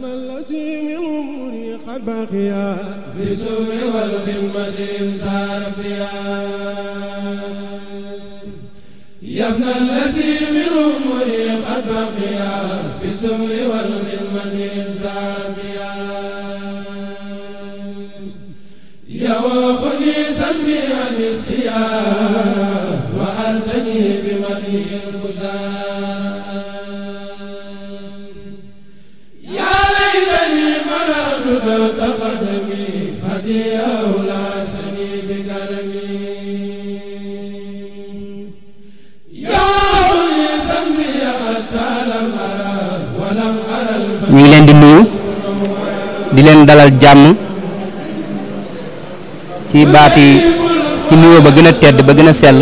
الباقيا يا ابن الذين منهم مريق الباقيا بالسور والخدمة إنسان بيا يا وقني سمي عن السياح Ya ya ñu ngi leen di nuyu di leen dalal jàmm ci baati ci nuyoo ba gën a tedd ba gën a sell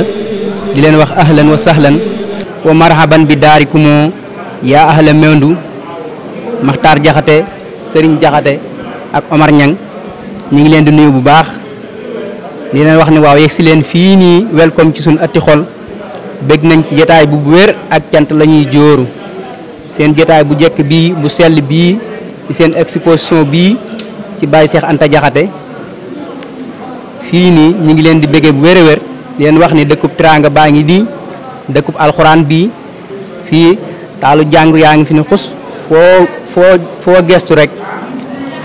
di leen wax ahlan wa sahlan wa marhaban bi daari kumo yaa ahla mendu maxtaar jaxate sëriñ jaxate ak Omar Niang ñi ngi leen di nuyu bu baax di leen wax ni waaw yegg leen fii nii welcome ci sun atti xol bëgg nañ ci jotaay bu wér ak cant lañuy jóoru seen jotaay bu jekk bii bu sell bii ci seen exposition bii ci Baye Cheikh Anta Diakhaté fii nii ñi ngi leen di bëggee bu wér a wér di leen wax ni dëkkub tranga baa ngi di dëkkub alxuraan bii fii taalu jàng yaa ngi fi ni xus foo foo foo gestu rek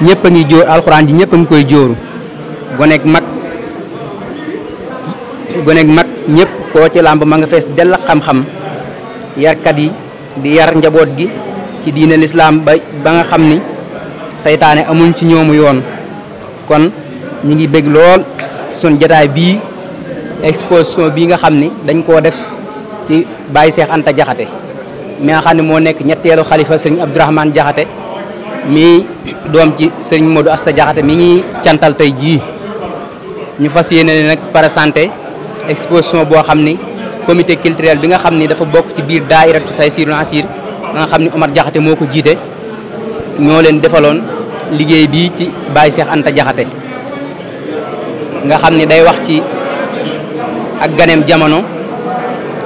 ñepp ngi jor alcorane ji ñepp ngi koy jor gonek mak gonek mak ñepp koo ci lamb ma nga fees del xam-xam kat yi di yar njabot gi ci diine l'islam ba nga xam ni saytaane ci ñoomu yoon kon ñi ngi bég lool sun jotaay bi exposition bi nga xam ni dañ ko def ci baye cheikh anta jaxate mi nga xam ne moo nekk ñetteelu xalifa abdourahmane jaxate mii doom ci sëñ Modou Asta Diakhaté mi ñuy cantal tey jii ñu fas yéene ne nag présenté exposition boo xam ni comité culturel bi nga xam ni dafa bokk ci biir daa daayiratu Taysiroul Assir nga xam ni Omar jaxate moo ko jiite ñoo leen defaloon liggéey bii ci Baye Cheikh Anta jaxate nga xam ni day wax ci ak ganeem jamono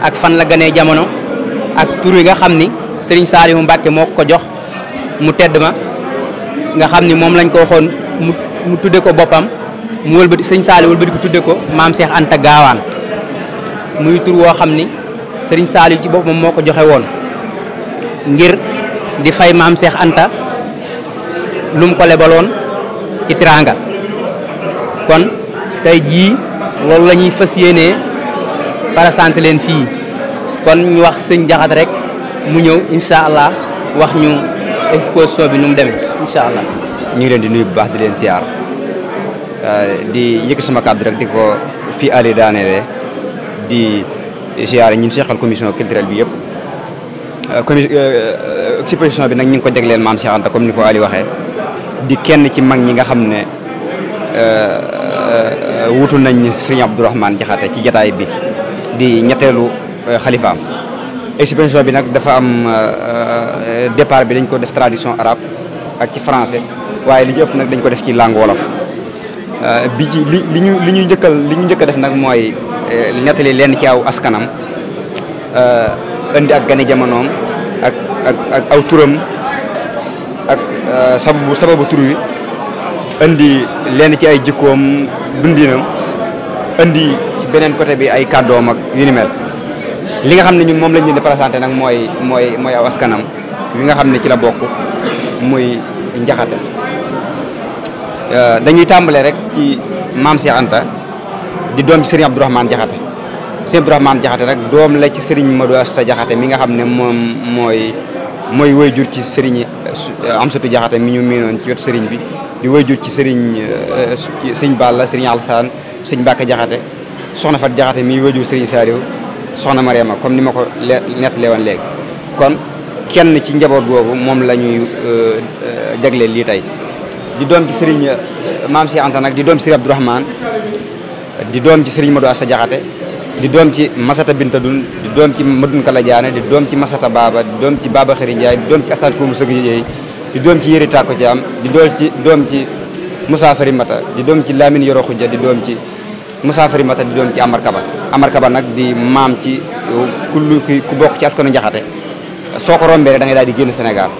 ak fan la ganee jamono ak tur yi nga xam ni Serigne Saliou Mbacké moo ko jox mu tedd ma nga xamni mom lañ ko waxon mu tuddé ko bopam mu wëlbe Serigne Sall wëlbe ko tuddé ko Mam Cheikh anta Gawan muy tur wo xamni Serigne Sall ci bopam moko ko won ngir di fay Mam Cheikh anta lum ko lebaloon ci tiranga kon tay ji lolou para ñuy para sante len fi kon ñu wax Serigne jaxat rek mu ñew inshallah allah wax ñu exposition bi nu mu demee incha allah. ñu ngi leen di nuyu bu baax di leen siyaar euh, di yëkkati sama kàddu rek di ko fii Aliou daanelee di siyaare ñun seqal commission culturelle bi yëpp. Euh, commission euh, exposition bi nag ñu ngi ko jagleel maam Cheikh Anta comme ni ko Aliou waxee di kenn ci mag ñi nga xam ne wutu nañ Serigne Abdourahmane Diakhaté ci jataay bi di ñetteelu xalifaam. exposition bi nag dafa am euh, euh, départ bi dañ ko def tradition arabe ak ci français waaye li ci nag dañ ko def ci langue wolof euh, bi ci li li ñu li ñu njëkkal li ñu njëkk def nag mooy nettali lenn ci aw askanam indi ak gane jamonoom ak ak ak aw turam ak sababu sababu tur wi indi lenn ci ay jikkoom dundinam indi ci beneen côté bi ay kàddoom ak yu ni mel li nga xam ne ñu moom lañ leen di présenté nag mooy mooy mooy aw askanam wi nga xam ne ci la bokk muy njaxate euh, dañuy tàmbale rek ci maam Cheikh Anta di doom ci Serigne Abdourahmane Jaxate Serigne Abdourahmane Jaxate nag doom la ci Serigne Madou Asta Jaxate mi nga xam ne moom mooy mooy jur ci sëriñ Serigne euh, Amsatu Jaxate mi ñu miinoon ci wetu Serigne bi di jur ci Serigne euh, Sëñ Balla Serigne Alsaan Sëñ Mbàkke Jaxate soxna Fat Jaxate mi wayjur Serigne Saliou soxna Mariama kon ni ma ko nettalee woon léegi kon kenn ci njaboot boobu moom la ñuy jagleel lii tey di doom ci sëriñ maam si Anta nag di doom ci sëriñ Abdourahmane di doom ci sëriñ Madou Assa Diakhaté di doom ci Masata Binta Dun di doom ci Madun Kala Diané di doom ci Masata Baba di doom ci Baba Xëri Ndiaye di doom ci Assane Koungou Sëgg Ndiaye di doom ci Yëri Tako Thiam di dool ci doom ci Moussa Farimata di doom ci Lamine Yoro Khoudia di doom ci musaafari mata di doon ci Amar Kaba Amar Kaba nag di maam ci ku lu ku bokk ci askanu Jaxate soo ko rombee da ngay daal di génn Sénégal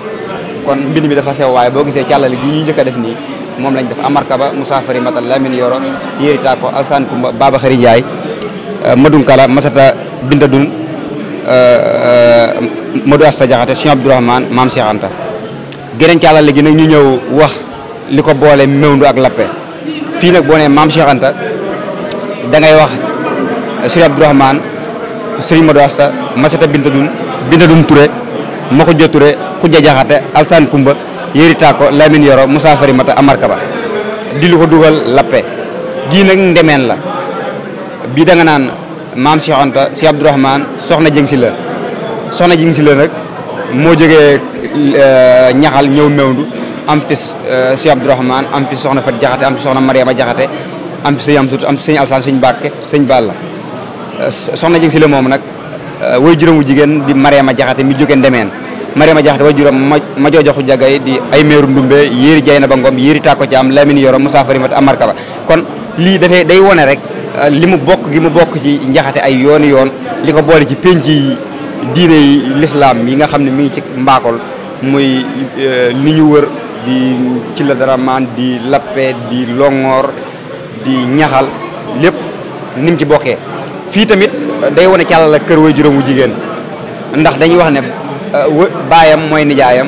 kon mbind mi dafa sew waaye boo gisee càllale gi ñuy njëkk def nii moom lañ def Amar Kaba musaafari mata Lamine Yoro Yérita ko Alsaan Kumba Baba Xari Njaay Madunkala euh, Masata Bindadun Madou euh, Asta Jaxate Cheikh Abdourahmane Maam Cheikh Anta geneen càllale gi nag ñu ñëw wax li ko boole mewndu ak lappe fii nag boo nee Maam Cheikh Anta da ngay wax sëriñ Abdourahmane sëriñ Modou Asta Masata Binta Dum Binta Dum Touré Makhoudia Touré Khoudia Diakhaté Alsane Koumba Yéri Tako Lamine Yoro Moussa Farimata Amarka Ba di lu ko dugal lappe gii nag ndemeen la bii danga naan maam Cheikh Anta si Abdourahmane soxna jëng si la soxna jëng si la nag moo jógee ñaxal euh, ñëw mewndu am fi si euh, Abdourahmane am fi soxna Fat Jaxate am fi soxna Mariama Jaxate am fi sëñ am sut am fi sëñ alsaan sëñ Mbàkke sëñ Balla eh, soxna jeg si la moom nag eh, way juróom jigéen di Mariama Jaxate mi jógee ndemeen Mariama Jaxate way juróom ma joojoxu jagay di ay meeru ndumbe yéeri jay na ba ngom yéeri tàkko ci am Lamine yoro Moussa Fari mat amarka ba kon lii dafay day wone rek eh, li mu bokk gi mu bokk ci njaxate ay yooni yoon li ko boole ci penc yi diine yi lislaam yi nga xam ne mi ngi ci mbaakol muy li ñu wër di ci la dara maan di lappe di longoor di ñaxal lépp ni ci bokkee fii tamit day wane càlla la kër way juróom wu jigéen ndax dañuy wax ne euh, baayam mooy nijaayam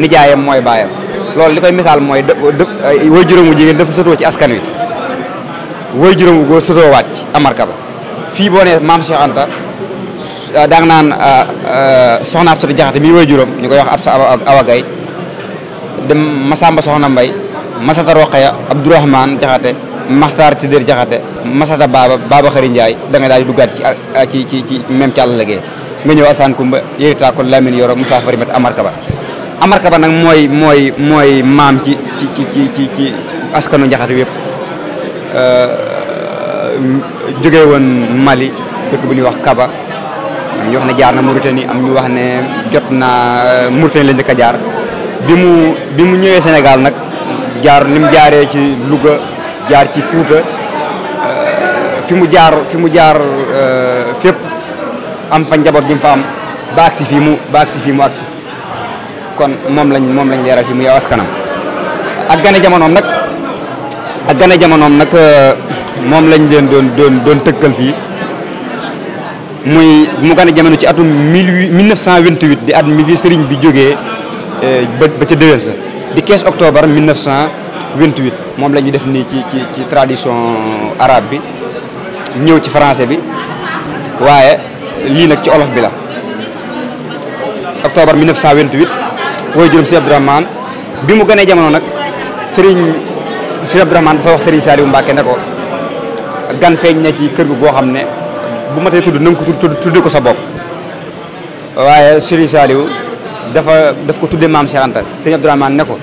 nijaayam mooy baayam loolu li koy misaal mooy way juróom wu jigéen dafa sotoo ci askan wi way juróom wu góor sotoo ci amarka ba fii boo ne maam Cheikh Anta euh, daa naan euh, soxna Absa Jaxate mi way juróom ñu koy wax Absa Awa Gaye dem Masamba Soxna Mbay Masata Roqaya Abdourahmane Jaxate Maxtaar Tidjër Jaxate Masata Baba Baba Xari Ndiaye da nga daal di duggaat ci ci ci ci même càllale gee nga ñëw Assane Koumba Yërita ko Lamine Yoro Moussa Farimat Amar Kaba nag mooy mooy mooy maam ci ci ci ci ci ci askanu Jaxate yëpp euh, jógee woon Mali dëkk bu ñuy wax Kaba am ñu wax ne jaar na Mauritanie am ñu wax ne jot na euh, Mauritanie la njëkk jaar bi mu bi mu ñëwee Sénégal nag jaar ni jaaree ci Louga jaar ci Fuuta euh, fi mu jaar fi mu jaar euh, fépp am fa njaboot bi mu fa am baag si fii mu baag si fii mu agsi kon moom lañ moom lañ leeral fi muy yow askanam ak gane jamonoom nag ak gane jamonoom nag euh, moom lañ leen doon doon doon tëkkal fii muy mu gane jamono ci atum mille mille neuf cent vingt-huit di at mi fi sëriñ bi jógee ba ba ca déwén sa di 15 octobre 1900 28 moom la ñu def nii ci ci ci tradition arabe bi ñëw ci français bi waaye lii nag ci olof bi la octobre 1928 wooy juróom sëriñ Abdourahmane bi mu gënee jamono nag sëriñ sëriñ Abdourahmane dafa wax sëriñ Saliou Mbacke ne ko gan feeñ na ci kër gu boo xam ne bu ma tudd na nga tudd tudde ko sa bopp waaye sëriñ Saliou dafa daf ko tudd maam Cheikh Anta sëriñ ne ko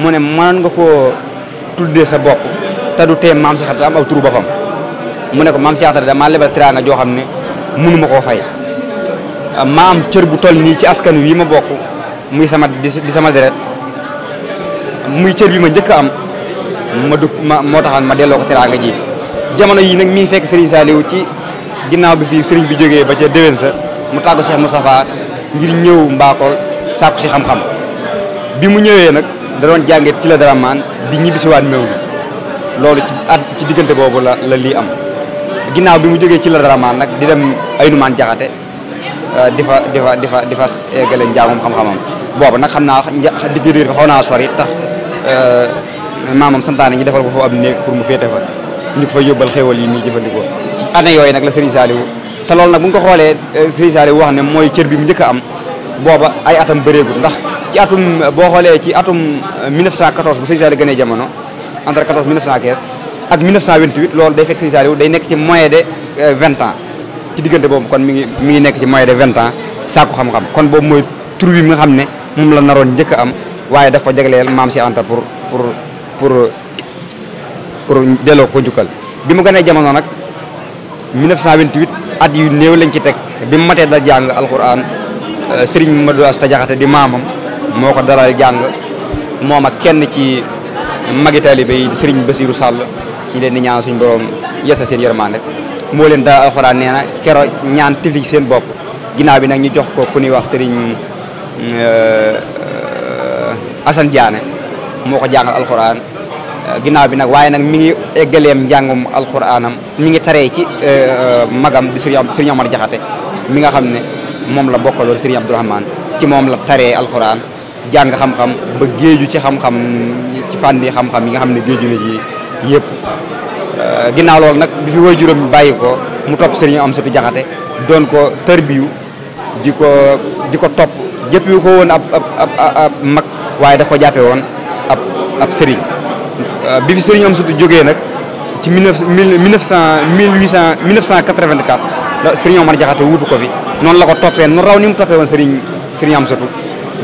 mu ne mënoon nga koo tudde sa bop ta du tee mam si xarit am aw turu boppam mu ne ko mam si da ma lebal tiraanga jo xamné munu mako fay mam cër bu toll ni ci askan wi ma bokku muy sama di sama deret muy cër bi ma jëk am ma du mo taxan ma delloo ko ji jamono yi nak mi fekk Serigne Saliou ci ginnaw bi fi Serigne bi joggé ba ca dewen sa mu tàggu Cheikh mustapha ngir ñew mbakol sakku ci xam-xam bi mu ñewé nak da doon ci la dara di ñibbisiwaat meew mi loolu ci at ci diggante boobu la la lii am ginnaaw bi mu jógee ci la daramaan nag di dem ay nu numaan jaxate euh, di fa di fa di fa di fa eggale njaamum xam-xamam booba nag xam naa digg diir bi xaw naa sori tax euh, maamam santaane ñi defal ko foofu ab pour mu féete fa ñu ko fa yóbbal xéewal yi nii jëfandikoo ci année yooyu nag la Serigne Saliou te loolu nag bu ñu ko xoolee euh, Serigne Saliou wax ne mooy cër bi mu njëkk am booba ay atam bëreegul ndax ci atum eh, bo xolé ci atum 1914 eh, bu Sëñ Sall gëné jamono entre 14 1915 ak 1928 lool day fek Sëñ Sall day nek ci moyen de 20 eh, ans ci digënté bobu kon mi ngi mi ngi ci moyen de 20 ans ko xam-xam kon bobu moy tour bi nga xam ne la naroon jëk am waye dafa jéglél jagleel maam si Anta pour pour pour pour délo ko njukkal bi mu gëné jamono nak 1928 at yu neew lañ ci tek bi mu da jang alquran Serigne Madou astadiakhate di mamam moo ko dalal jàng moom ak kenn ci magitaali taalibe yi Serigne Bassirou Sall ñu leen di ñaan suñu borom yees na seen yërmande moo leen daal alxuraan nee na kero ñaan tifli seen bopp ginnaaw bi nag ñu jox ko ku ñuy wax Serigne euh, Assane Diané moo ko jàngal alxuraan bi nag waaye nag mi ngi eggaleem njàngum alxuraanam mi ngi taree ci euh, magam di Serigne Omar Jaxate mi nga xam ne moom la bokkaloon Serigne Abdourahmane ci moom la taree alxuraan jang xam-xam ba geejju ci xam-xam ci fànn xam-xam yi nga xamne geejju na ci yépp euh, ginaaw loolu nak bi fi waajuram bàyyi mu top serigne am sëtu jaxate don ko terbiou diko diko top ko ko won ab ab ab mag waye da ko jàppe ab ab serigne euh, bi fi serigne am sëtu jógee nak ci 1900 1800 1984 serigne Omar jaxate wutu ko fi non la ko topé non raw ni mu topé won serigne serigne am sëtu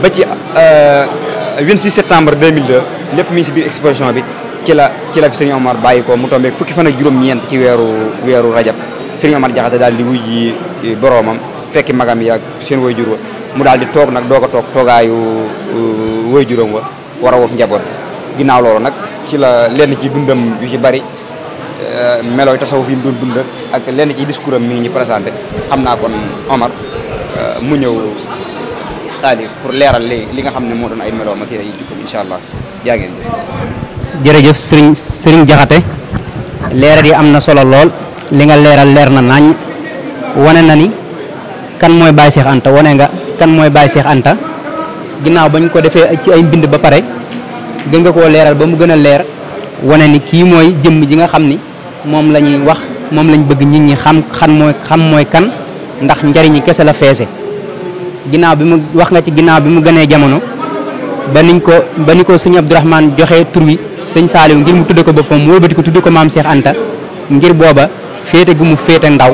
ba ci 26 euh, septembre 2002 lépp mi ngi si biir exposition bi ci la ci la fi Serigne Omar bàyyi ko mu tombé fukki fan ak juróom-ñeent ci weeru weeru rajab Serigne Omar Jaxate daal di wuy ji eh, boroomam fekki magam yi ak seen waajur wa mu daal di toog nag doog a toog toogaayu euh, juróom wa war a njaboot bi ginnaaw loolu nag ci la lenn ci dundam yu ci bari euh, melooy tasawuf yi mu doon dund ak lenn ci discours am mi ngi ñu présenté xam naa kon Omar mu ñëw tali pour leeral li li nga xam ne moo doon ay meloom ak ay jikkoom incha allah yaa ngeen jëf. jërëjëf Serigne Serigne Jaxate leeral yi am na solo li nga na nañ wane na ni kan mooy Baye Cheikh Anta wane nga kan mooy Baye Cheikh Anta ginnaaw bañ ko defee ci ay mbind ba pare gën nga koo leeral ba mu gën a leer wane ni kii mooy jëmm ji nga xam ni moom wax moom lañ bëgg nit ñi xam xam mooy xam mooy kan ndax njariñi kese la feese. ginnaaw bi mu wax nga ci ginnaaw bi mu gënee jamono ba niñ ko ba ni ko sëñ Abdourahmane joxe tur sëñ Saliou ngir mu tudde ko boppam mu wëlbati ko tudde ko maam seex Anta ngir booba féete gu mu féete ndaw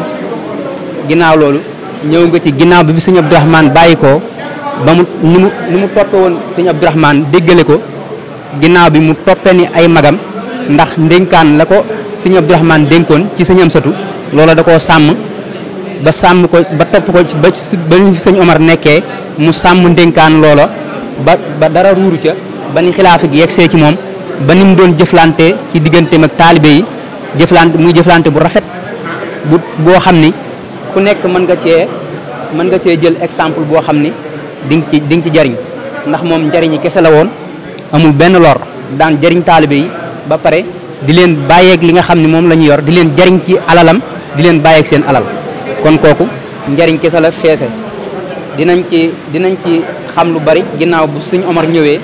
ginnaaw loolu ñëw nga ci ginnaaw bi bi sëñ Abdourahmane bàyyi ko ba mu ni mu ni mu toppe woon sëñ Abdourahmane déggale ko ginnaaw bi mu toppe ni ay magam ndax ndénkaan la ko sëñ Abdourahmane dénkoon ci sëñ satu loola da koo sàmm ba sàmm ko ba topp ko ba ba ñu fi sëñ Omar nekkee mu sàmm ndénkaan loola ba ba dara ruuru ca ba ni xilaafa gi yegsee ci moom ba ni mu doon jëflante ci digganteem ak taalibe yi jëflante muy jëflante bu rafet bu boo xam ni ku nekk mën nga cee mën nga cee jël exemple boo xam ni di nga ci di nga ci jariñ ndax moom njariñi kese la woon amul benn lor daan jariñ taalibe yi ba pare di leen bàyyeeg li nga xam ne moom la ñu yor di leen jariñ ci alalam di leen bàyyeek seen alal kon kooku njariñ kese la feese dinañ ci dinañ ci xam lu bari ginnaaw bu suñ Omar ñëwee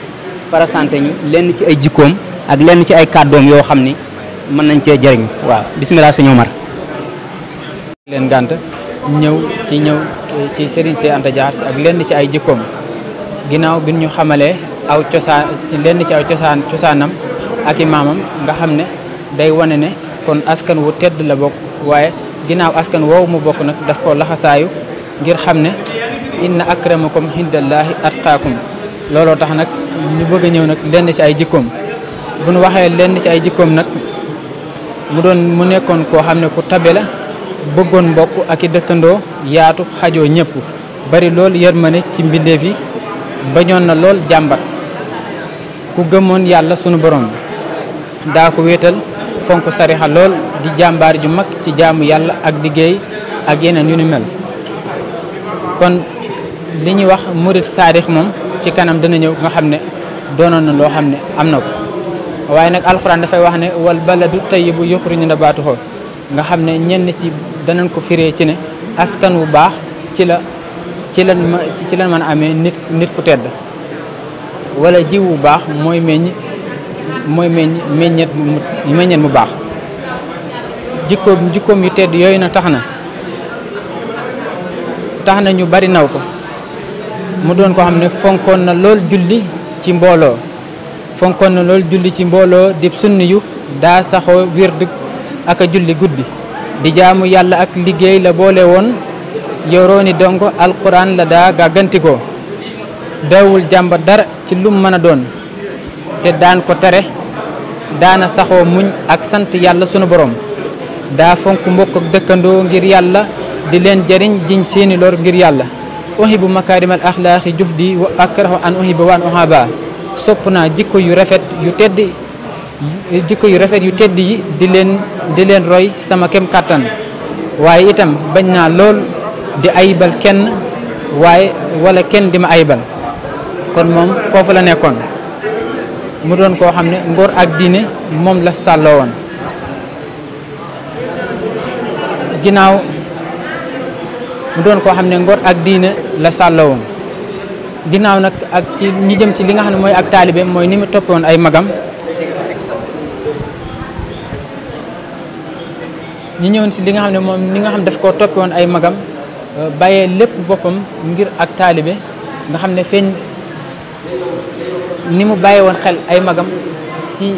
présenté ñu lenn ci ay jikkoom ak lenn ci ay kàddoom yoo xam ni mën nañ cee jëriñ waaw bisimilah sëñ Omar leen gànt ñëw ci ñëw ci Serigne Cheikh Anta ak lenn ci ay jikkoom ginnaaw bi ñu xamalee aw cosaan lenn ci aw cosaan cosaanam ak i maamam nga xam ne day wane ne kon askan wu tedd la bokk waaye ginnaaw askan woowu mu bokk nag daf ko laxasaayu ngir xam ne inna akramakum at atqaakum looloo tax nag ñu bëgg a ñëw nag lenn ci ay jikkoom bu nu waxee lenn ci ay jikkoom nag mu doon mu nekkoon koo xam ne ku tabe la bëggoon mbokk ak i dëkkandoo yaatu xajoo ñëpp bari lool yërmande ci mbindeef yi bañoon na lool jàmbat ku gëmoon yàlla sunu borom daa ko wéetal fonk sarixa lool di jàmbaar ju mag ci jaamu yàlla ak liggéey ak yeneen yu ni mel kon li ñuy wax murit saadix moom ci kanam dana ñëw nga xam ne doonoon na loo xam ne am na ko waaye nag alxuraan dafay wax ne wal baladu tayyibu yuxriju nabatuhu nga xam ne ñenn ci danañ ko firee ci ne askan wu baax ci la ci lan ci lan mën a amee nit ku tedd wala jiw wu baax mooy meññ mooy meññ meññeet mu meññeet baax jikkoom jikkoom yu tedd yooyu na tax na tax na ñu bari naw ko mu doon ko xam ne fonkoon na lool julli ci mbooloo fonkoon na lool julli ci mbooloo di sunni daa saxoo wird ak a julli guddi di jaamu yàlla ak liggéey la boole woon yorooni dongo alxuraan la daa gàggantikoo daawul jàmba dara ci lum mën a doon te daan ko tere daana saxoo muñ ak sant yàlla sunu boroom daa fonk mbokk ak dëkkandoo ngir yàlla di leen jariñ jiñ seeni lor ngir yàlla uhibu makaarimal axlaaqi juhdi wa akrahu an uhiba waan ohaba sopp naa jikko yu rafet yu tedd jikko yu rafet yu tedd yi di leen di leen roy sama kem kàttan waaye itam bañ naa lool di ayibal kenn waaye wala kenn di ma ayibal kon moom foofu la nekkoon mu doon koo xam ne ngor ak diine moom la sàlloo woon ginnaaw mu doon koo xam ne ngor ak diine la sàlloo woon ginnaaw nag ak ci ñi jëm ci li nga xam ne mooy ak taalibe mooy ni mu toppoon ay magam ñi ñëwoon si li nga xam ne moom li nga xam ne daf koo toppoon ay magam bàyyee lépp boppam ngir ak taalibe nga xam ne feeñ ni mu bàyyi woon xel ay magam ci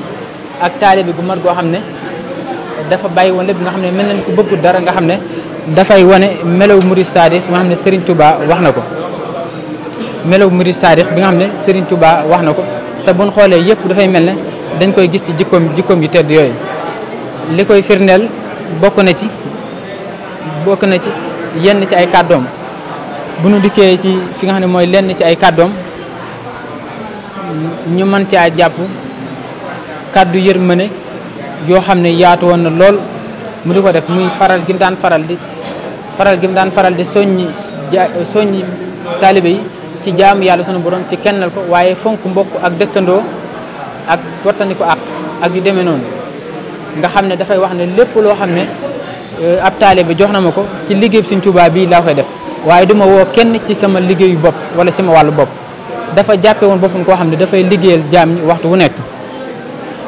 ak taalibe gu mat goo xam dafa bàyyi woon lépp nga xam ne mel nañ ko bëggul dara nga xam ne dafay wane melaw murid saadix bi nga xam ne Serigne Touba wax na ko melaw murid saadix bi nga xam Serigne Touba wax na ko buñ xoolee yëpp dafay mel ne dañ koy gis ci jikkoom jikkoom yu tedd yooyu li koy bokk na ci bokk na ci yenn ci ay kàddoom bu nu ci fi nga xam ne lenn ci ay kàddoom ñu mën caa jàpp kàddu yërmande yoo xam ne yaatu woon na lool mu di ko def muy faral gi mu daan faral di faral gi mu daan faral di soññi ja soññi taalibe yi ci jaamu yàlla sunu borom ci kennal ko waaye fonk mbokk ak dëkkandoo ak wattandiku àq ak yu demee noonu nga xam ne dafay wax ne lépp loo xam ne ab taalibe jox na ma ko ci liggéey Sëriñ tubaa bii laa koy def waaye du ma woo kenn ci sama liggéeyu bopp wala sama wàllu bopp dafa jàppe boppum koo xam ne dafay liggéeyal jaam ñi waxtu wu nekk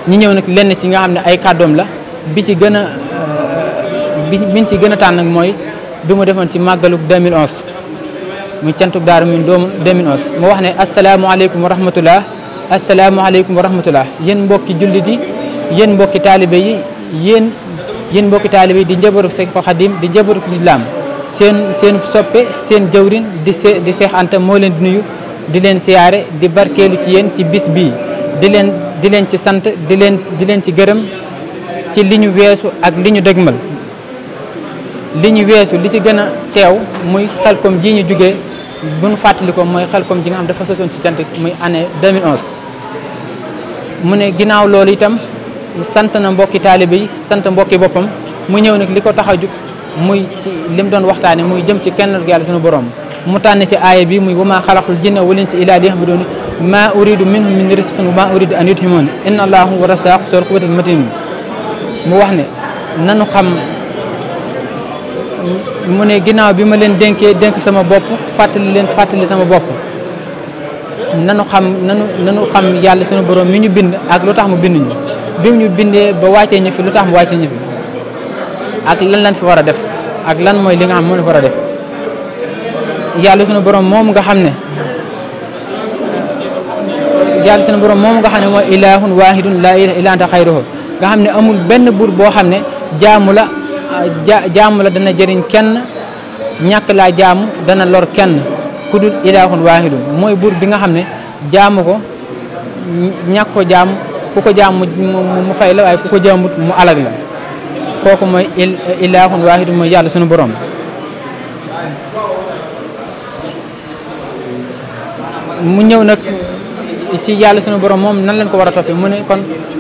ñi ñëw nag lenn ci nga xam ne ay kàddoom la bi ci gën a bi biñ ci gën a tànn nag mooy bi mu defoon ci màggaluk 2011 muy cantuk daara muy doomu 2011 mu wax ne asalaamaaleykum wa rahmatullah asalaamaaleykum wa rahmatullah yéen mbokki jullit yi yéen mbokki taalibe yi yéen yéen mbokki taalibe yi di njabootu Seex di njabootu lislaam seen seen soppe seen jawrin di di Seex Anta moo leen di nuyu di leen siyaare di barkeelu ci yéen ci bis bii di leen di leen ci sant di leen di leen ci gërëm ci li ñu weesu ak li ñu dëgmal li ñu weesu li ci gën a teew muy xelkom ji ñu jugee buñ fàttali mooy xelkom ji nga xam dafa sosoon ci cant muy année 2011 mu ne ginnaaw loolu itam sant na mbokki taalibe yi sant mbokki boppam mu ñëw nag li ko tax a jug muy ci li mu doon waxtaane muy jëm ci kennal yàlla sunu borom mu tànn ci aaye bi muy wama xalaqul jinna wal insa illa liya'budun ma uridu minhum min rizqin wa ma uridu an yuthimun inna allaha huwa razzaqu zul quwwatil matin mu wax ne nanu xam mu ne ginnaaw bi ma leen dénkee dénk sama bopp fàttali leen fàttali sama bopp nanu xam nanu nanu xam yàlla sunu borom mi ñu bind ak lu tax mu bind ñu ñu bindee ba wàccee ñu fi lu tax mu wàccee ñu fi ak lan lan fi war a def ak lan mooy li nga xam moom la war a def yàlla sunu borom moom nga xam ne yàlla sunu borom moom nga xam ne mooy ilaahun waahidun laa ilaaha illaa anta nga xam ne amul benn buur boo xam ne jaamu la jaamu la dana jariñ kenn ñàkk laa jaamu dana lor kenn kudul dul ilaahun mooy buur bi nga xam ne jaamu ko ñàkk ko jaamu ku ko jaamu mu fay la waaye ku ko jaamut mu alag la kooku mooy ilaahun waahidun mooy yàlla sunu borom mu ñëw nag ci yàlla sunu borom moom nan lañ ko war a toppee mu ne kon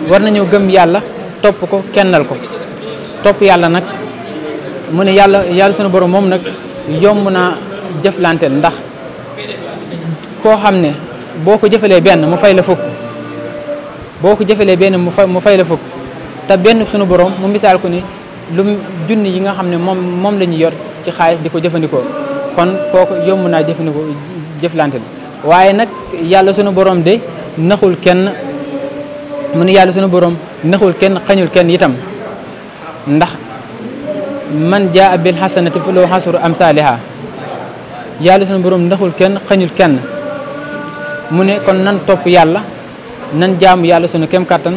war nañoo gëm yàlla topp ko kennal ko topp yàlla nag mu ne yàlla yàlla sunu borom moom nag yomb naa jëflanteel ndax koo xam ne boo ko jëfalee benn mu fay la fukk boo ko jëfalee benn mu fay mu fay la te benn sunu borom mu misaal ko ne lu junni yi nga xam ne moom moom la ñu yor ci xaalis di ko jëfandikoo kon kooku yomb naa jëfandikoo jëflanteel waaye nag yàlla sunu borom de naxul kenn mu yàlla sunu boroom naxul kenn xañul kenn itam ndax man jaa bil xasanati fa loo xasru am saaliha yàlla sunu borom naxul kenn xañul kenn mu ne kon nan topp yàlla nan jaamu yàlla sunu kem kàttan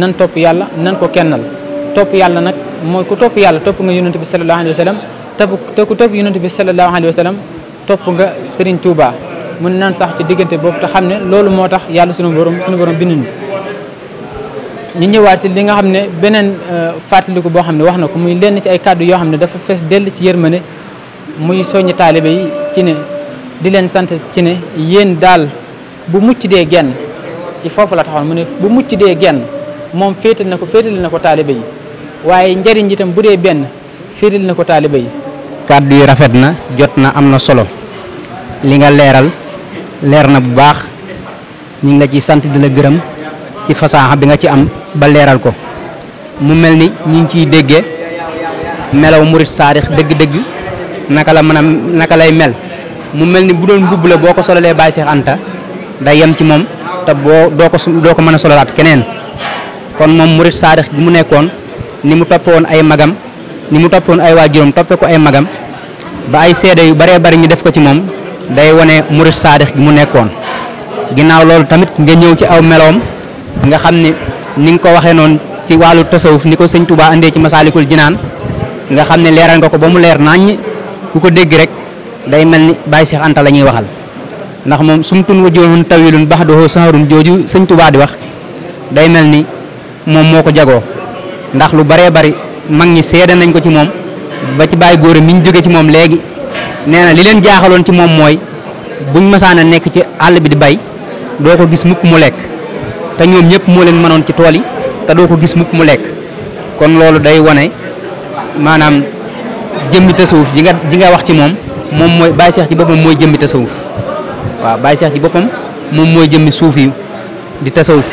nan topp yàlla nan ko kennal topp yàlla nag moo ku topp yàlla topp nga yonent bi sallallahu alayhi wa sallam te ku topp bi sallallahu alayhi wa sallam nga sëriñ Touba. mun naan sax ci diggante boobu te xam ne loolu moo tax yàlla sunu borom sunu borom bind ñu ñu ñëwaat si li nga xam ne beneen euh, fàttaliku boo xam ne wax na ko muy lenn ci ay kàddu yoo xam ne dafa fees dell ci yërmande muy soññ taalibe yi ci ne di leen sant ci ne yéen daal bu mucc dee genn ci foofu la taxoon mu ne bu mucc dee genn moom féetal na ko féetal na ko taalibe yi waaye njëriñ itam bu dee benn féetal na ko taalibe yi. kàddu yi rafet na jot na am na solo li nga leeral. leer na bu baax ñu ngi la ci sant di la gërëm ci fasaaxa bi nga ci am ba leeral ko mu mel ni ñu ngi ciy déggee melaw murit saadix dëgg-dëgg naka la mën a naka lay mel mu mel ni bu doon mbubb la boo ko solalee Baye Cheikh Anta day yem ci moom te boo doo ko doo ko mën a sololaat keneen kon moom murit saadix gi mu nekkoon ni mu toppe ay magam ni mu toppe ay waajuram toppe ko ay magam ba ay seede yu baree bari ñu def ko ci moom day wane murit saadix gi mu nekkoon ginnaaw loolu tamit nga ñëw ci aw meloom nga xam ni ni nga ko waxee noonu ci wàllu tasawuf ni ko sëñ Touba andee ci masaalikul jinaan nga xam ne leeral nga ko ba mu leer naññ ku ko dégg rek day mel ni bàyyi seexanta Anta la ñuy waxal ndax moom sumtun wajoon tawilun bax doxoo saharun jooju sëñ Touba di wax day mel ni moom moo ko jagoo ndax lu baree bari mag ñi seede nañ ko ci moom ba ci bàyyi góor mi ñu jóge ci moom léegi nee na li leen jaaxaloon ci moom mooy buñ mësaan nekk ci àll bi di bay doo ko gis mukk mu lekk te ñoom ñëpp moo leen mënoon ci tool yi te doo ko gis mukk mu lekk kon loolu day wane maanaam jëmmi tasawuf ji nga ji nga wax ci moom moom mooy Baye Cheikh ci boppam mooy jëmmi tasawuf waaw Baye Cheikh ci moom mooy jëmmi suuf yi di tasawuf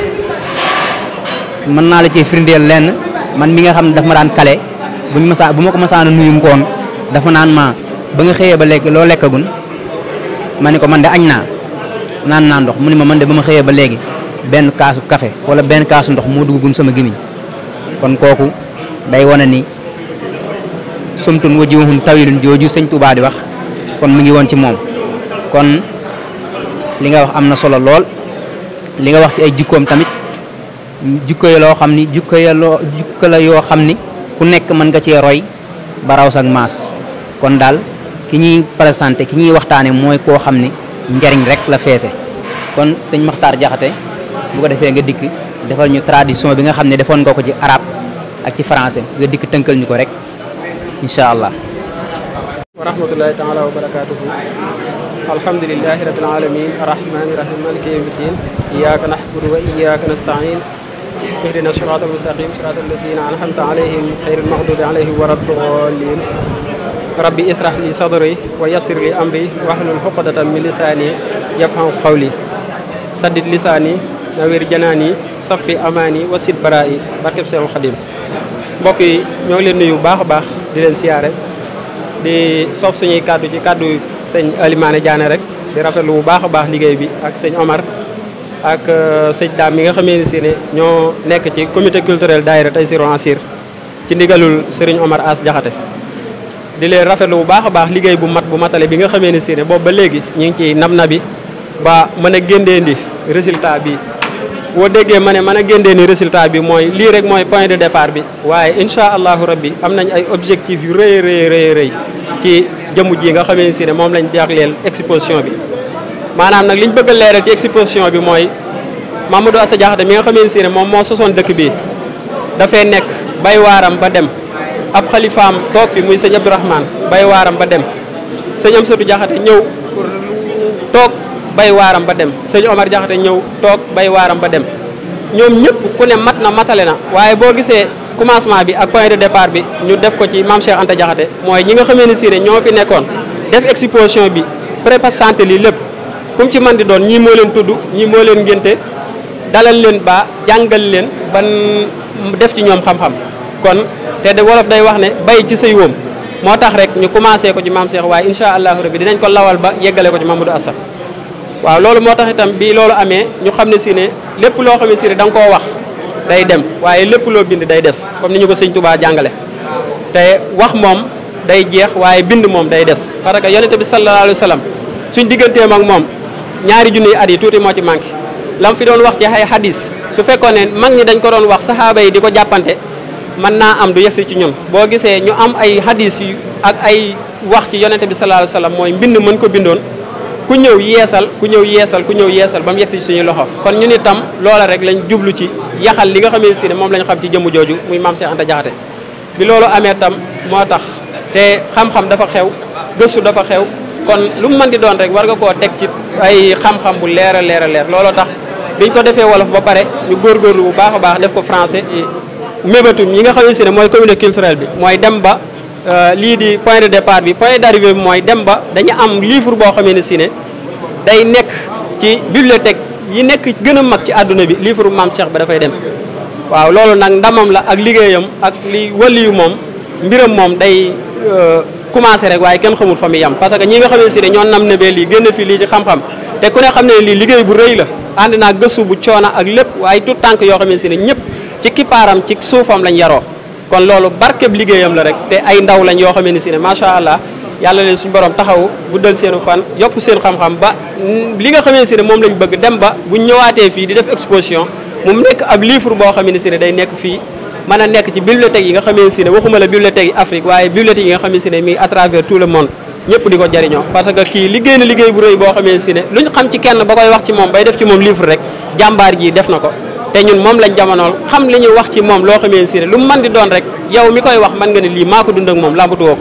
mën naa la cee firndeel lenn man bi nga xam ne dafa ma daan kale buñ ma bu ma ko masaan a nuyu mu dafa naan ma ba nga xëyee ba léegi loo lekkagun ma ne ko man de añ naa naan naa ndox mu ne ma man de ba ma xëyee ba léegi benn kaasu kafe wala benn kaasu ndox moo duggagun sama gémmiñ kon kooku day wane ni sumtun wa jiwahum tawilun jooju sëñ Touba di wax kon mu ngi woon ci moom kon li nga wax am na solo lool li nga wax ci ay jikkoom tamit jikko ya loo xam ni jikko ya loo jikko la yoo xam ni ku nekk mën nga cee roy ba raw sag maas kon daal ki ñuy présenté ki ñuy waxtaane mooy koo xam ne njariñ rek la feese kon sëñ Maxtaar Jaxate bu ko defee nga dikk defal ñu tradition bi nga xam ne defoon nga ko ci araab ak ci français nga dikk tënkal ñu ko rek incha allah wa rahmatullahi taala wa barakatuhu alhamdulilahi rabbil alamin arrahmani rahim maliki yawmi din iyyaka na'budu wa iyyaka nasta'in ihdina siratal mustaqim siratal lazina an'amta alayhim ghayril maghdubi alayhim rabbi israh li sadri wa yassir li amri wahlul uqdatan min lisaani yafqahu qawli saddit lisaani nawir janaani safi amaani wasit baraa'i barkeb Seexul Xadim mbokk yi ñoo ngi leen nuyu baax a baax di leen siyaare di soof suñuy kàddu ci kàddu sëñ Alimaane Diané rek di rafetlu bu baax a baax liggéey bi ak sëñ Omar ak euh, sëñ daam bi nga xamee ni si ne ñoo nekk ci comité culturel daayira Taysiroul Assir ci ndigalul Serigne Omar As Jaxate di leen rafetlu bu baax a baax liggéey bu mat bu matale bi nga xamee ne si ne boobu ba léegi ñu ngi ciy nab nabi ba mën a géndeendi résultat bi woo déggee ma ne mën a géndeendi résultat bi mooy lii rek mooy point de départ bi waaye incha allahu rabbi am nañ ay objectif yu rëy rëy rëy ci jëmm ji nga xamee ne si ne moom lañ jagleel exposition bi maanaam nag liñ bëgg a leeral ci exposition bi mooy Mamadou Assa Diakhaté mi nga xamee ne s ne moom moo sosoon dëkk bi dafay nekk bay waaram ba dem ab xalifaam toog fi muy sëñ Abdourahmane bay waaram ba dem sëñ Amsatu Jaxate ñëw toog bay waaram ba dem sëñ Omar Jaxate ñëw toog bay waaram ba dem ñoom ñëpp ku ne mat na matale na waaye boo gisee commencement bi ak point de départ bi ñu def ko ci maam Cheikh Anta Jaxate mooy ñi nga xamee ne siire ñoo fi nekkoon def exposition bi prépa santé li lépp kum ci man di doon ñii moo leen tudd ñii moo leen ngénte dalal leen ba jàngal leen ban def ci ñoom xam kon te de wolof day wax ne bay ci say wóom moo tax rek ñu commencé ko ci maam Cheikh waaye incha allahu rabbi dinañ ko lawal ba yeggale ko ci Mamadou Assane waaw loolu moo tax itam bi loolu amee ñu xam ne si ne lépp loo xam ne si ne da nga koo wax day dem waaye lépp loo bind day des comme ni ñu ko sëñ Touba jàngale te wax moom day jeex waaye bind moom day des parce que yonent bi sallallahu alayhi wa sallam suñ digganteem ak moom ñaari junniy at yi tuuti moo ci manqué lam fi doon wax ay hadis su fekkoon ne mag ñi dañ ko doon wax saxaaba yi di ko jàppante mën naa am du yegsi ci ñun boo gisee ñu am ay hadis ak ay wax ci yonente bi sallallahu alayhi wasallam mooy mbind mën ko bindoon ku ñëw yeesal ku ñëw yeesal ku ñëw yeesal ba mu yegsi ci suñu loxo kon ñun itam loola rek lañ jublu ci yaxal li nga xamee si ne moom lañ xam ci jëmm jooju muy maam Cheikh Anta Diakhaté bi loolu amee tam moo tax te xam-xam dafa xew gëstu dafa xew kon lu mu mën di doon rek war nga koo teg ci ay xam-xam bu leer a leer a leer looloo tax biñ ko defee wolof ba pare ñu góorgóorlu bu baax a baax def ko français mébétum ñi nga xam ne si ne mooy communauté culturelle bi mooy dem ba euh, lii di point de départ bi point d'arrivée bi mooy dem ba dañu am livre boo xamee ne si ne day nekk ci bibliothèque yi nekk gën a mag ci àdduna bi livre maam Cheikh ba dafay dem waaw loolu nag ndamam la ak liggéeyam ak li waliyu moom mbiram moom day euh, commencé rek waaye kenn xamul fa mu yam parce que ñi nga xam ne si ne ñoo nam nebee lii génn fii lii ci xam-xam te ku ne xam ne lii liggéey bu rëy la ànd naa gëstu bu coono ak lépp waaye tout tànk yoo xam ne ñëpp ci kippaaram ci suufam lañ yaroo kon loolu barkeb liggéeyam la rek te ay ndaw lañ yoo xamee ni si ne macha allah yàlla leen suñ borom taxaw bu guddal seenu fan yokk seen xam-xam ba li nga xamee si ne moom lañ bëgg dem ba buñ ñëwaatee fii di def exposition mu nekk ab livre boo xamee si ne day nekk fii mën a nekk ci bibliothèque yi nga xamee si ne waxuma la bibliothèque yi Afrique waaye bibliothèque yi nga xamee si ne mi à travers tout le monde ñëpp di ko jariñoo parce que kii liggéey na liggéey bu rëy boo xamee si ne luñ xam ci kenn ba koy wax ci moom bay def ci moom livre rek jàmbaar ji def na te ñun moom lañ jamonool xam li ñu wax ci moom loo xamee si lu mu mën di doon rek yow mi koy wax mën nga ne lii maa ko dund moom làmbatu ko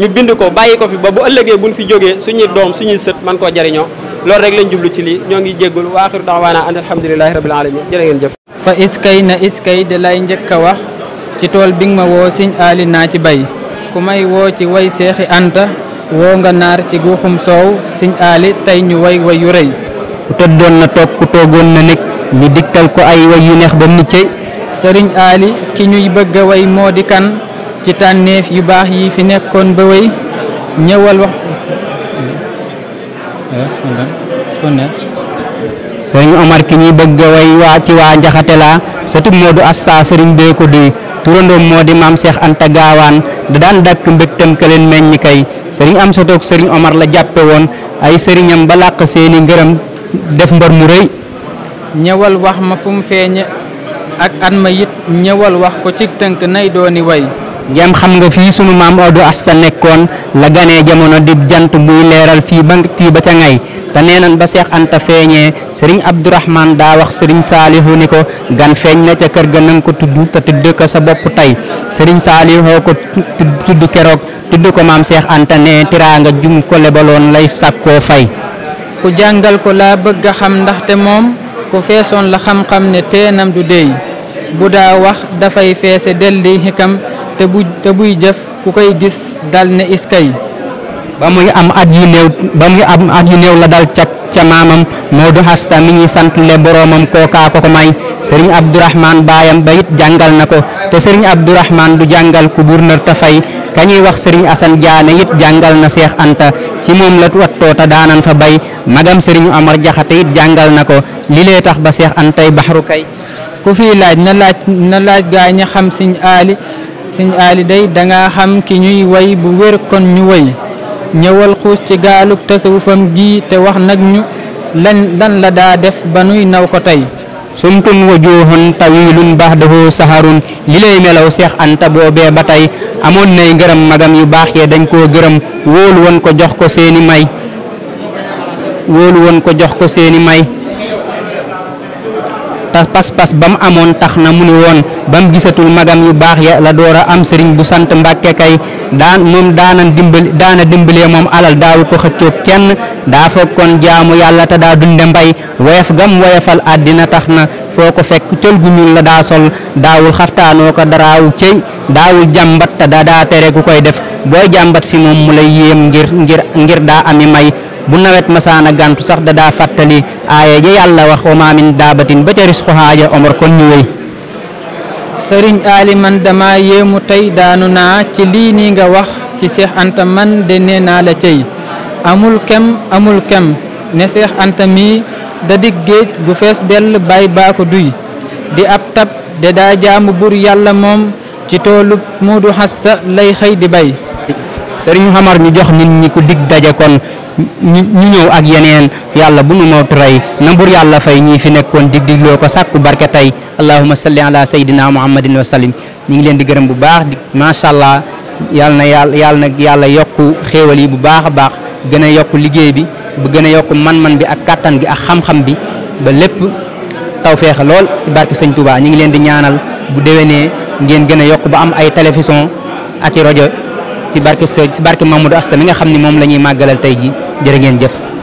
ñu bind ko bàyyi ko fi ba bu ëllëgee buñ fi jógee suñuy doom suñuy sët man koo jariñoo loolu rek lañ jublu ci lii ñoo ngi jéggul wa axiru daawaana an alhamdulilahi rabbil alamin jërë ngeen jëf fa iskay na iskay de lay njëkk a wax ci tool bi nga ma woo siñ aali naa ci bay ku may woo ci way seexi anta woo nga naar ci guuxum soow siñ aali tey ñu way way yu rëy ku tëddoon na toog ku toogoon na nekk ñu digtal ko ay way yu neex ba nit sëriñ Ali ki ñuy bëgg a way moo di kan ci tànneef yu baax yi fi nekkoon ba way ñëwal wax sëriñ Omar ki ñuy bëgg a way waa ci waa Njaxate la sëtub Moodu Asta sëriñ bee ko duy turandoom moo di maam Cheikh Anta Gaawaan da daan dàkk mbégtam ka meññ kay sëriñ am satoog sëriñ Omar la jàppe woon ay sëriñam ba làq seeni ngërëm def mbër mu rëy ñewal wax ma fum feñ ak an ma yit ñewal wax ko ci tënk nay dooni way jam xam nga fi sunu mam odu asta nekkon la gané jamono dib jant muy leral fi bank ti ba ca ngay ta nenañ ba cheikh anta feñe serigne abdourahman da wax serigne salihu niko gan feñ na ca kër ga nang ko tuddu ta tudde ko sa bop tay serigne salihu ko tuddu kérok tuddu ko maam cheikh anta ne tiranga jum ko lebalon lay sakko fay ku jangal ko la bëgg xam ndax te mom ku feesoon la xam-xam ne teenam du déy bu daa wax dafay feese delli xikam te bu buy jëf ku koy gis dal ne iskay ba muy am at yu néew ba muy am at yu néew la dal ca ca maamam Moodu Asta mi ñuy sant le boroomam kookaa ko ko may sëriñ Abdourahman baayam ba it jàngal na ko te sëriñ Abdourahman du jàngal ku bur na te fay ka ñuy wax sëriñ Asan it jàngal na Seex Anta ci moom la wat te daanan fa bay magam sëriñu Amar Jaxate it jàngal na ko li lee tax ba seex antay baxaru kay ku fi laaj na laaj na laaj gaa ñi xam siñ aali siñ aali danga xam ki ñuy woy bu wér kon ñu woy ñëwal xuus ci gaaluk tasawufam gi te wax nag ñu lan lan la daa def ba nuy naw ko tey sumtun wajuhun tawilun baxdahu saharun li lay melaw Seex Anta boobee ba tey amoon nay ngërëm magam yu baax yee dañ koo gërëm wóolu woon ko jox ko seeni may wóolu woon ko jox ko seeni may tax pas-pas ba mu amoon tax na mu ni woon ba mu gisatul magam yu baax ya la door a am sëriñ bu sant mbàkke kay daan moom daana dimbali daana dimbalee moom alal daawu ko xëccoo kenn daa fekkoon jaamu yàlla te daa dunde mbay woyof gam woyofal àddina tax na foo ko fekk col gu ñuul la daa sol daawul xaftaanoo ko daraawu cey daawul jàmbat te daa daa tere ku koy def booy jàmbat fi moom mu lay yéem ngir ngir daa ami may bu nawet masaana gàntu sax da daa fàttali aaya ja yàlla wax wa maa min daabatin ba ca risqohaa ja omar kon ñu wéy sëriñ aali man dama yéemu tey daanu naa ci lii nii nga wax ci seex anta man de nee naa la cey amul kem amul kem ne seex anta mi da géej gu fees dell bay baa ko duy di ab tab de daa jaamu bur yàlla moom ci toolub muudu xasta lay xëy di bay serigne xamar ñu jox nit ñi ku dig dajé kon ñu ñew ak yenen yalla bu ñu mot ray nambur yalla fay ñi fi nekkon dig dig loo sakku barke tay allahumma salli ala sayidina muhammadin wa salim ñi ngi leen di gërëm bu baax di macha allah na yalla yàlla na yokku xéewal yi bu baax baax gëna yokku liggéey bi bu gëna yokku man-man bi ak katan gi ak xam-xam bi ba lepp taw feexe lool ci barke sëñ tuba ñi ngi leen di ñaanal bu ne ngeen gëna yokku ba am ay télévision ak radio ci barke Sëñ ci barke Mamadou Asta mi nga xam ne moom la ñuy màggalal tey ji jërë ngeen jëf